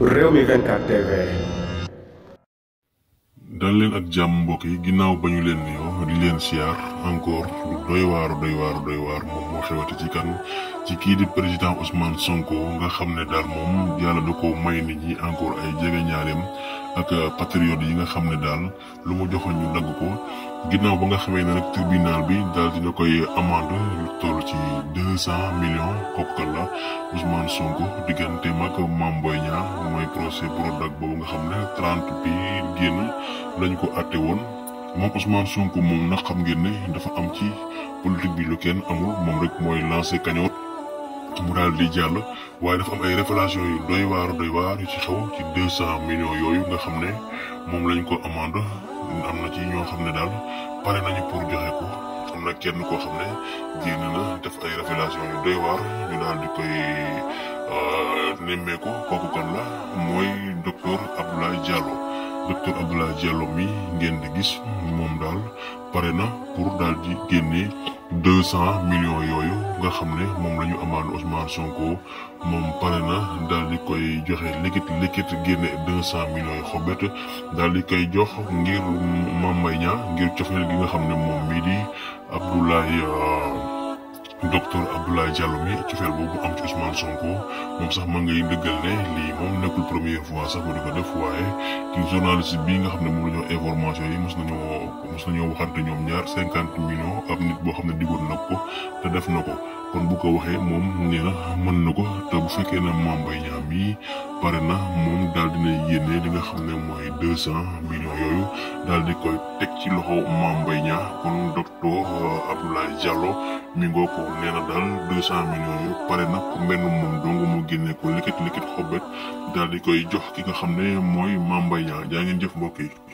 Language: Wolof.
Rewmi leen ak jàmm mbokk yi ginnaaw ba ñu leen nuyoo di leen siyaar encore doy waaru doy waaru doy waar moom moo xewati ci kan ci kii di président Ousmane Sonko nga xam ne daal moom yàlla da ko may nit ñi encore ay jege ñaareem ak patriote yi nga xam ne daal lu mu joxoon ñu ko ginnaaw ba nga xamee ne nag tribunal bi daal dina koy amande ci 200 millions koppkat la Ousmane Sonko diggante mag Mame Boye Niang mooy procès Prodac boobu nga xam ne 30 bi génn lañ ko àtte woon moom Ousmane Sonko moom nag xam ngeen ne dafa am ci politique bi lu kenn amul moom rek mooy lancé cagnotte mu di jàll waaye dafa am ay ci xew ci 200 yooyu nga moom lañ ko amande am na ci ñoo xam ne daal pare nañu pour joxe ko. am na kenn koo xam ne génn na def ay révélation yu doy waar ñu daal di koy euh, nemmeeku kooku kan la mooy docteur Abdoulaye Diallo docteur Abdoulaye Diallo mi ngeen di gis moom daal pare na pour daal di génnee deux cent millions yooyu nga xam moom lañu ñu amaan Ousmane Sonko moom pare na daal di koy joxe likit likit génne deux cent millions yi xobet daal di koy jox ngir Mame Mbaye Niang ngir cofeel gi nga xam ne moom mii di Abdoulaye euh, docteur Abdoulaye Diallo mi cofeel boobu am ci Sonko moom sax ma ngay dëggal ne lii moom nekkul première fois sax mu di ko def waaye ki journaliste bii nga xam ne moom la ñu information yi mos nañoo mos nañoo waxante ñoom ñaar cinquante millions ab nit boo xam ne digoon na ko te def na ko. kon bu ko waxee moom nee mën na ko te bu fekkee na Mame Mbaye Niang mi pare na moom daal dina yéene li nga xam ne mooy deux cent millions yooyu daal di koy teg ci loxo Mame Mbaye Niang kon docteur euh, Abdoulaye Diallo mi ngoo ko nee na daal deux cent millions yooyu pare na pour mbenn moom dong mu génne ko likit likit xobet daal di koy jox ki nga xam ne mooy Mame Mbaye Niang jaa ngeen jëf mbokk yi